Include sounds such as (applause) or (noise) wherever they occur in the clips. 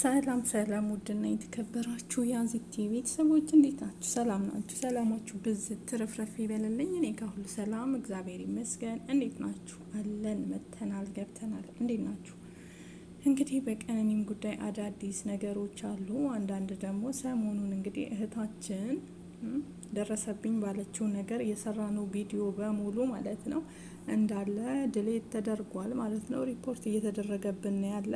ሰላም ሰላም፣ ውድና የተከበራችሁ ቲቪ ቤተሰቦች እንዴት ናችሁ? ሰላም ናችሁ? ሰላማችሁ ብዝት ትርፍረፍ ይበልልኝ። እኔ ጋር ሁሉ ሰላም እግዚአብሔር ይመስገን። እንዴት ናችሁ? አለን መተናል ገብተናል። እንዴት ናችሁ? እንግዲህ በቀነኒም ጉዳይ አዳዲስ ነገሮች አሉ። አንዳንድ ደግሞ ሰሞኑን እንግዲህ እህታችን ደረሰብኝ ባለችው ነገር የሰራነው ቪዲዮ በሙሉ ማለት ነው እንዳለ ድሌት ተደርጓል ማለት ነው። ሪፖርት እየተደረገብን ያለ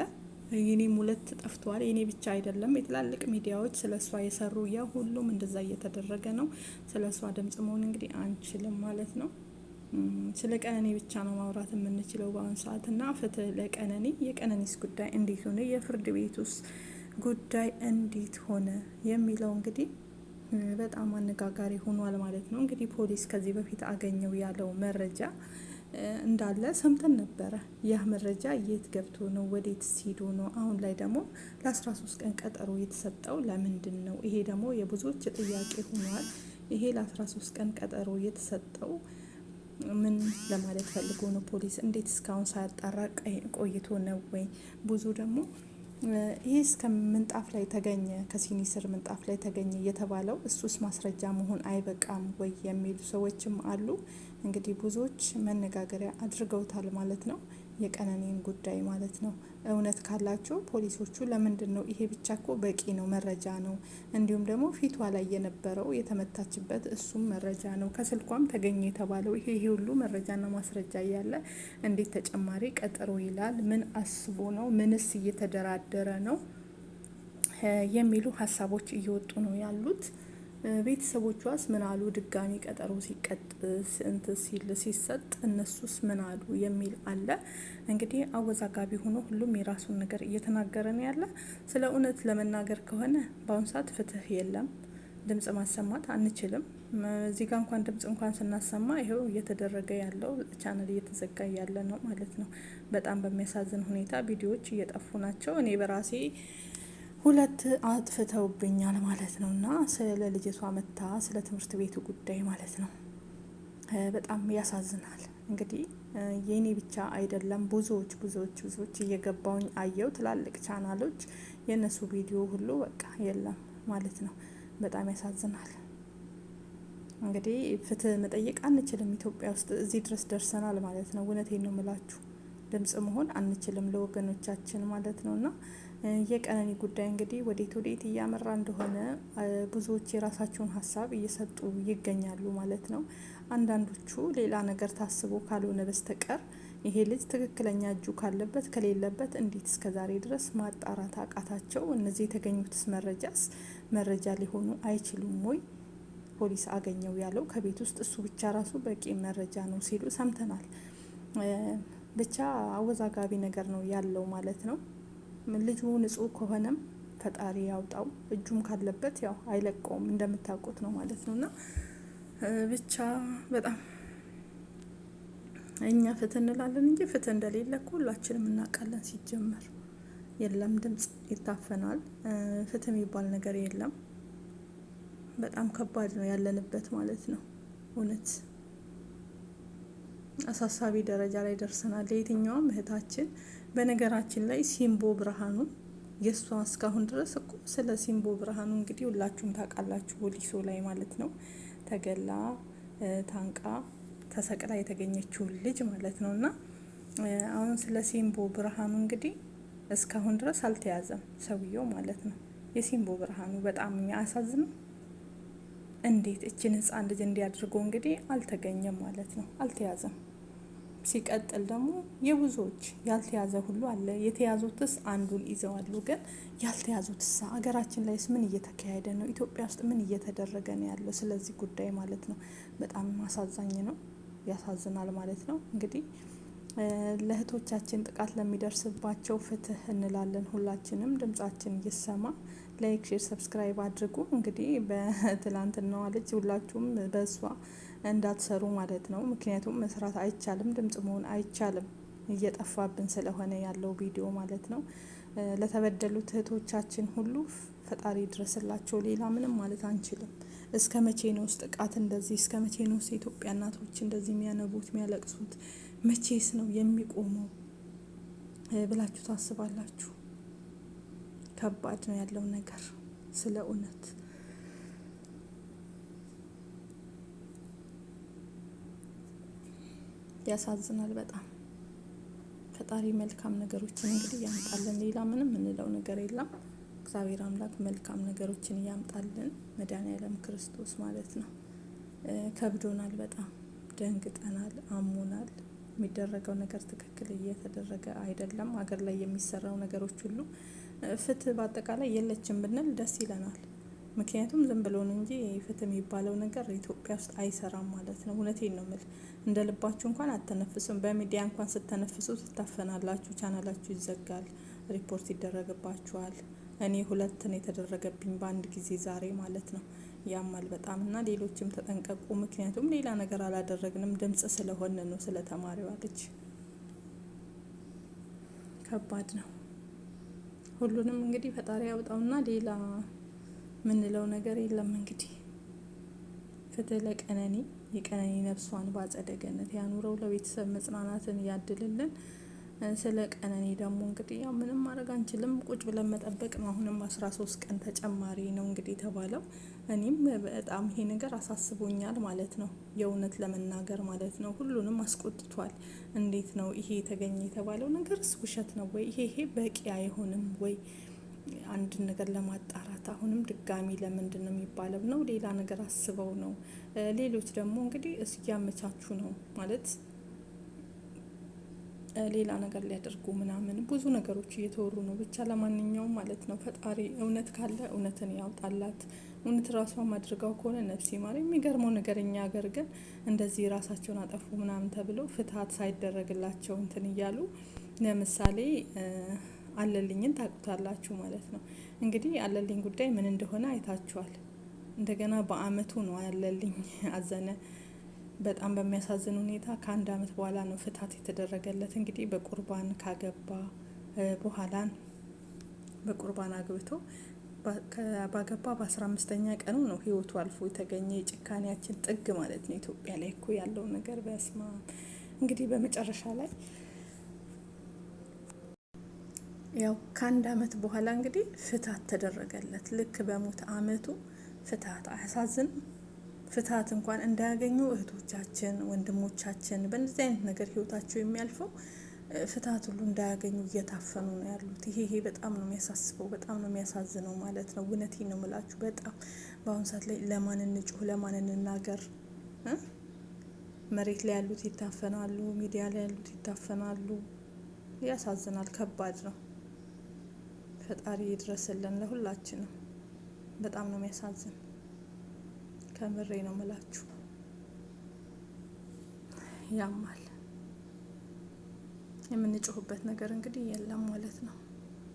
የኔም ሁለት ጠፍተዋል። የኔ ብቻ አይደለም፣ የትላልቅ ሚዲያዎች ስለ እሷ የሰሩ ያ ሁሉም እንደዛ እየተደረገ ነው። ስለ እሷ ድምጽ መሆን እንግዲህ አንችልም ማለት ነው። ስለ ቀነኔ ብቻ ነው ማውራት የምንችለው በአሁኑ ሰዓት እና ፍትህ ለቀነኔ። የቀነኔስ ጉዳይ እንዴት ሆነ፣ የፍርድ ቤቱስ ጉዳይ እንዴት ሆነ የሚለው እንግዲህ በጣም አነጋጋሪ ሆኗል ማለት ነው። እንግዲህ ፖሊስ ከዚህ በፊት አገኘው ያለው መረጃ እንዳለ ሰምተን ነበረ። ያህ መረጃ የት ገብቶ ነው? ወዴት ሲሄዱ ነው? አሁን ላይ ደግሞ ለ13 ቀን ቀጠሮ የተሰጠው ለምንድን ነው? ይሄ ደግሞ የብዙዎች ጥያቄ ሆኗል። ይሄ ለ13 ቀን ቀጠሮ የተሰጠው ምን ለማለት ፈልጎ ነው? ፖሊስ እንዴት እስካሁን ሳያጣራ ቆይቶ ነው ወይ? ብዙ ደግሞ ይህ እስከ ምንጣፍ ላይ ተገኘ፣ ከሲኒስር ምንጣፍ ላይ ተገኘ የተባለው እሱስ ማስረጃ መሆን አይበቃም ወይ የሚሉ ሰዎችም አሉ። እንግዲህ ብዙዎች መነጋገሪያ አድርገውታል ማለት ነው። የቀነኔን ጉዳይ ማለት ነው። እውነት ካላችሁ ፖሊሶቹ ለምንድን ነው ይሄ ብቻ እኮ በቂ ነው፣ መረጃ ነው። እንዲሁም ደግሞ ፊቷ ላይ የነበረው የተመታችበት እሱም መረጃ ነው። ከስልኳም ተገኘ የተባለው ይሄ ይሄ ሁሉ መረጃና ማስረጃ እያለ እንዴት ተጨማሪ ቀጠሮ ይላል? ምን አስቦ ነው? ምንስ እየተደራደረ ነው? የሚሉ ሀሳቦች እየወጡ ነው ያሉት። ቤተሰቦቿስ ምን አሉ? ድጋሚ ቀጠሮ ሲቀጥ ስንት ሲል ሲሰጥ እነሱስ ምን አሉ የሚል አለ። እንግዲህ አወዛጋቢ ሆኖ ሁሉም የራሱን ነገር እየተናገረ ነው ያለ። ስለ እውነት ለመናገር ከሆነ በአሁኑ ሰዓት ፍትህ የለም። ድምጽ ማሰማት አንችልም። እዚህ ጋር እንኳን ድምጽ እንኳን ስናሰማ ይኸው እየተደረገ ያለው ቻናል እየተዘጋ ያለ ነው ማለት ነው። በጣም በሚያሳዝን ሁኔታ ቪዲዮዎች እየጠፉ ናቸው። እኔ በራሴ ሁለት አጥፍተውብኛል ማለት ነው እና ስለ ልጅቷ መታ ስለ ትምህርት ቤቱ ጉዳይ ማለት ነው። በጣም ያሳዝናል። እንግዲህ የኔ ብቻ አይደለም ብዙዎች ብዙዎች ብዙዎች እየገባውኝ አየው ትላልቅ ቻናሎች የእነሱ ቪዲዮ ሁሉ በቃ የለም ማለት ነው። በጣም ያሳዝናል። እንግዲህ ፍትህ መጠየቅ አንችልም ኢትዮጵያ ውስጥ እዚህ ድረስ ደርሰናል ማለት ነው። እውነቴን ነው የምላችሁ ድምጽ መሆን አንችልም ለወገኖቻችን ማለት ነው እና የቀነኒ ጉዳይ እንግዲህ ወዴት ወዴት እያመራ እንደሆነ ብዙዎች የራሳቸውን ሀሳብ እየሰጡ ይገኛሉ ማለት ነው። አንዳንዶቹ ሌላ ነገር ታስቦ ካልሆነ በስተቀር ይሄ ልጅ ትክክለኛ እጁ ካለበት ከሌለበት እንዴት እስከ ዛሬ ድረስ ማጣራት አቃታቸው? እነዚህ የተገኙትስ መረጃስ መረጃ ሊሆኑ አይችሉም ወይ? ፖሊስ አገኘው ያለው ከቤት ውስጥ እሱ ብቻ ራሱ በቂ መረጃ ነው ሲሉ ሰምተናል። ብቻ አወዛጋቢ ነገር ነው ያለው ማለት ነው። ልጁ ንጹህ ከሆነም ፈጣሪ ያውጣው፣ እጁም ካለበት ያው አይለቀውም እንደምታውቁት ነው ማለት ነው። እና ብቻ በጣም እኛ ፍትህ እንላለን እንጂ ፍትህ እንደሌለ ሁላችንም እናውቃለን። ሲጀመር የለም ድምጽ ይታፈናል፣ ፍትህ የሚባል ነገር የለም። በጣም ከባድ ነው ያለንበት ማለት ነው። እውነት አሳሳቢ ደረጃ ላይ ደርሰናል። ለየትኛውም እህታችን በነገራችን ላይ ሲምቦ ብርሃኑ የእሷ እስካሁን ድረስ እኮ ስለ ሲምቦ ብርሃኑ እንግዲህ ሁላችሁም ታውቃላችሁ። ወሊሶ ላይ ማለት ነው ተገላ ታንቃ ተሰቅላ የተገኘችውን ልጅ ማለት ነው። እና አሁን ስለ ሲምቦ ብርሃኑ እንግዲህ እስካሁን ድረስ አልተያዘም ሰውየው ማለት ነው። የሲምቦ ብርሃኑ በጣም የሚያሳዝነው እንዴት እችን ህፃን ልጅ እንዲያድርገው እንግዲህ አልተገኘም ማለት ነው፣ አልተያዘም። ሲቀጥል ደግሞ የብዙዎች ያልተያዘ ሁሉ አለ። የተያዙትስ አንዱን ይዘዋሉ። ግን ያልተያዙትስ ሀገራችን ላይስ ምን እየተካሄደ ነው? ኢትዮጵያ ውስጥ ምን እየተደረገ ነው ያለው ስለዚህ ጉዳይ ማለት ነው። በጣም አሳዛኝ ነው፣ ያሳዝናል ማለት ነው። እንግዲህ ለእህቶቻችን ጥቃት ለሚደርስባቸው ፍትህ እንላለን። ሁላችንም ድምጻችን ይሰማ። ላይክ፣ ሼር፣ ሰብስክራይብ አድርጉ። እንግዲህ በትላንትናዋ ልጅ ሁላችሁም በእሷ እንዳትሰሩ ማለት ነው። ምክንያቱም መስራት አይቻልም፣ ድምጽ መሆን አይቻልም። እየጠፋብን ስለሆነ ያለው ቪዲዮ ማለት ነው። ለተበደሉት እህቶቻችን ሁሉ ፈጣሪ ድረስላቸው። ሌላ ምንም ማለት አንችልም። እስከ መቼ ነው ጥቃት እንደዚህ? እስከ መቼ ነው የኢትዮጵያ እናቶች እንደዚህ የሚያነቡት የሚያለቅሱት? መቼስ ነው የሚቆመው ብላችሁ ታስባላችሁ? ከባድ ነው ያለው ነገር ስለ እውነት ያሳዝናል በጣም። ፈጣሪ መልካም ነገሮችን እንግዲህ ያምጣልን። ሌላ ምንም የምንለው ነገር የለም። እግዚአብሔር አምላክ መልካም ነገሮችን እያምጣልን። መድኃኒዓለም ክርስቶስ ማለት ነው። ከብዶናል፣ በጣም ደንግጠናል፣ አሞናል። የሚደረገው ነገር ትክክል እየተደረገ አይደለም። ሀገር ላይ የሚሰራው ነገሮች ሁሉ ፍትህ በአጠቃላይ የለችም ብንል ደስ ይለናል። ምክንያቱም ዝም ብሎ ነው እንጂ ፍትህ የሚባለው ነገር ኢትዮጵያ ውስጥ አይሰራም ማለት ነው። እውነቴን ነው ምል እንደ ልባችሁ እንኳን አተነፍሱም። በሚዲያ እንኳን ስተነፍሱ ትታፈናላችሁ፣ ቻናላችሁ ይዘጋል፣ ሪፖርት ይደረግባችኋል። እኔ ሁለትን የተደረገብኝ በአንድ ጊዜ ዛሬ ማለት ነው። ያማል በጣም እና ሌሎችም ተጠንቀቁ። ምክንያቱም ሌላ ነገር አላደረግንም፣ ድምጽ ስለሆነ ነው። ስለ ተማሪዋ ልጅ ከባድ ነው። ሁሉንም እንግዲህ ፈጣሪ ያውጣውና ሌላ ምንለው ነገር የለም እንግዲህ ፍትህ ለቀነኒ የቀነኒ ነፍሷን በአጸደ ገነት ያኑረው፣ ለቤተሰብ መጽናናትን ያድልልን። ስለ ቀነኒ ደግሞ እንግዲህ ያው ምንም ማድረግ አንችልም፣ ቁጭ ብለን መጠበቅ ነው። አሁንም አስራ ሶስት ቀን ተጨማሪ ነው እንግዲህ የተባለው። እኔም በጣም ይሄ ነገር አሳስቦኛል ማለት ነው፣ የእውነት ለመናገር ማለት ነው። ሁሉንም አስቆጥቷል። እንዴት ነው ይሄ የተገኘ የተባለው ነገርስ ውሸት ነው ወይ? ይሄ ይሄ በቂ አይሆንም ወይ? አንድን ነገር ለማጣራት አሁንም ድጋሚ ለምንድን ነው የሚባለው ነው ሌላ ነገር አስበው ነው። ሌሎች ደግሞ እንግዲህ እስያመቻቹ ነው ማለት ሌላ ነገር ሊያደርጉ ምናምን ብዙ ነገሮች እየተወሩ ነው። ብቻ ለማንኛውም ማለት ነው ፈጣሪ እውነት ካለ እውነትን ያውጣላት። እውነት ራሷ ማድርጋው ከሆነ ነፍሴ ማር። የሚገርመው ነገር እኛ ሀገር ግን እንደዚህ ራሳቸውን አጠፉ ምናምን ተብለው ፍትሀት ሳይደረግላቸው እንትን እያሉ ለምሳሌ አለልኝን ታቁታላችሁ ማለት ነው። እንግዲህ አለልኝ ጉዳይ ምን እንደሆነ አይታችኋል። እንደገና በአመቱ ነው አለልኝ (laughs) አዘነ። በጣም በሚያሳዝን ሁኔታ ከአንድ አመት በኋላ ነው ፍታት የተደረገለት። እንግዲህ በቁርባን ካገባ በኋላ በቁርባን አግብቶ ባገባ በአስራ አምስተኛ ቀኑ ነው ህይወቱ አልፎ የተገኘ የጭካኔያችን ጥግ ማለት ነው። ኢትዮጵያ ላይ እኮ ያለው ነገር በስማ እንግዲህ በመጨረሻ ላይ ያው ከአንድ አመት በኋላ እንግዲህ ፍትሀት ተደረገለት። ልክ በሞት አመቱ ፍትሀት አያሳዝንም? ፍትሀት እንኳን እንዳያገኙ እህቶቻችን፣ ወንድሞቻችን በእንደዚህ አይነት ነገር ህይወታቸው የሚያልፈው ፍትሀት ሁሉ እንዳያገኙ እየታፈኑ ነው ያሉት። ይሄ ይሄ በጣም ነው የሚያሳስበው፣ በጣም ነው የሚያሳዝነው ማለት ነው። እውነቴ ነው የምላችሁ። በጣም በአሁኑ ሰዓት ላይ ለማን እንጩህ፣ ለማን እንናገር? መሬት ላይ ያሉት ይታፈናሉ፣ ሚዲያ ላይ ያሉት ይታፈናሉ። ያሳዝናል። ከባድ ነው። ፈጣሪ ይድረስልን ለሁላችንም። በጣም ነው የሚያሳዝን። ከምሬ ነው ምላችሁ፣ ያማል። የምንጮህበት ነገር እንግዲህ የለም ማለት ነው።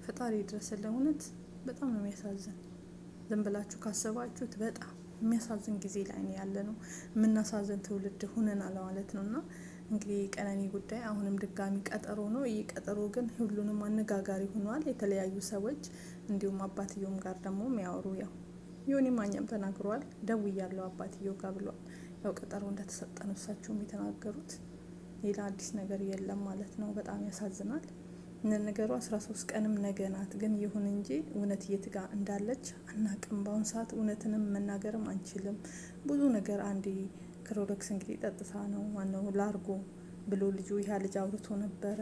ፈጣሪ ይድረስልን። እውነት በጣም ነው የሚያሳዝን። ዝም ብላችሁ ካሰባችሁት በጣም የሚያሳዝን ጊዜ ላይ ያለ ነው። የምናሳዝን ትውልድ ሁነናል ማለት ነው እና እንግዲህ የቀነኒ ጉዳይ አሁንም ድጋሚ ቀጠሮ ነው። ይህ ቀጠሮ ግን ሁሉንም አነጋጋሪ ሆኗል። የተለያዩ ሰዎች እንዲሁም አባትየውም ጋር ደግሞ የሚያወሩ ያው ዮኒ ማኛም ተናግረዋል። ደውያለሁ አባትየው ጋር ብሏል። ያው ቀጠሮ እንደተሰጠ ነፍሳቸውም የተናገሩት ሌላ አዲስ ነገር የለም ማለት ነው። በጣም ያሳዝናል። ነገሩ አስራ ሶስት ቀንም ነገ ናት። ግን ይሁን እንጂ እውነት የት እንዳለች አናቅም። በአሁኑ ሰዓት እውነትንም መናገርም አንችልም። ብዙ ነገር አንዴ ክሮዶክስ እንግዲህ ጠጥታ ነው ዋናው ላርጎ ብሎ ልጁ ያ ልጅ አውርቶ ነበረ።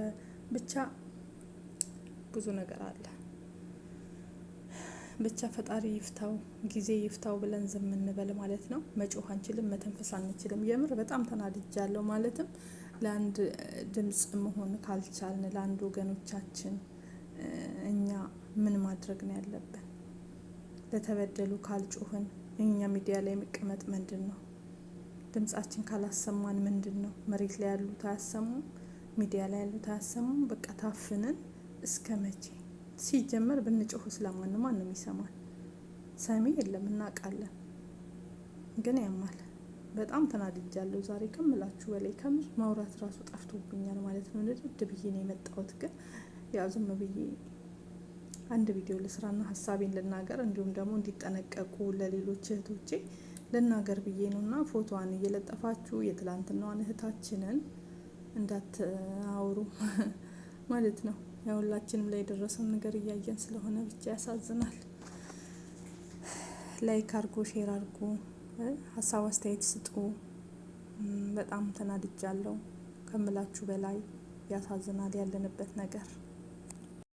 ብቻ ብዙ ነገር አለ። ብቻ ፈጣሪ ይፍታው፣ ጊዜ ይፍታው ብለን ዝም እንበል ማለት ነው። መጮህ አንችልም፣ መተንፈስ አንችልም። የምር በጣም ተናድጃለሁ። ማለትም ለአንድ ድምፅ መሆን ካልቻልን ለአንድ ወገኖቻችን እኛ ምን ማድረግ ነው ያለብን? ለተበደሉ ካልጮህን እኛ ሚዲያ ላይ መቀመጥ ምንድን ነው? ድምጻችን ካላሰማን ምንድን ነው? መሬት ላይ ያሉት አያሰሙም፣ ሚዲያ ላይ ያሉት አያሰሙም። በቃ ታፍንን እስከ መቼ? ሲጀመር ብንጮሁ ስለማን ማን ነው የሚሰማን? ሰሚ የለም፣ እናውቃለን። ግን ያማል። በጣም ተናድጃለሁ ዛሬ ከምላችሁ በላይ ከምር ማውራት ራሱ ጠፍቶብኛል ማለት ነው። ንድድ ብዬ ነው የመጣሁት። ግን ያው ዝም ብዬ አንድ ቪዲዮ ልስራና ሀሳቤን ልናገር እንዲሁም ደግሞ እንዲጠነቀቁ ለሌሎች እህቶቼ ልናገር ብዬ ነው እና ፎቶዋን እየለጠፋችሁ የትላንትናዋን እህታችንን እንዳታወሩ (laughs) ማለት ነው። የሁላችንም ላይ የደረሰውን ነገር እያየን ስለሆነ ብቻ ያሳዝናል። ላይክ አርጎ ሼር አርጎ ሀሳብ አስተያየት ስጡ። በጣም ተናድጃለሁ ከምላችሁ በላይ ያሳዝናል ያለንበት ነገር።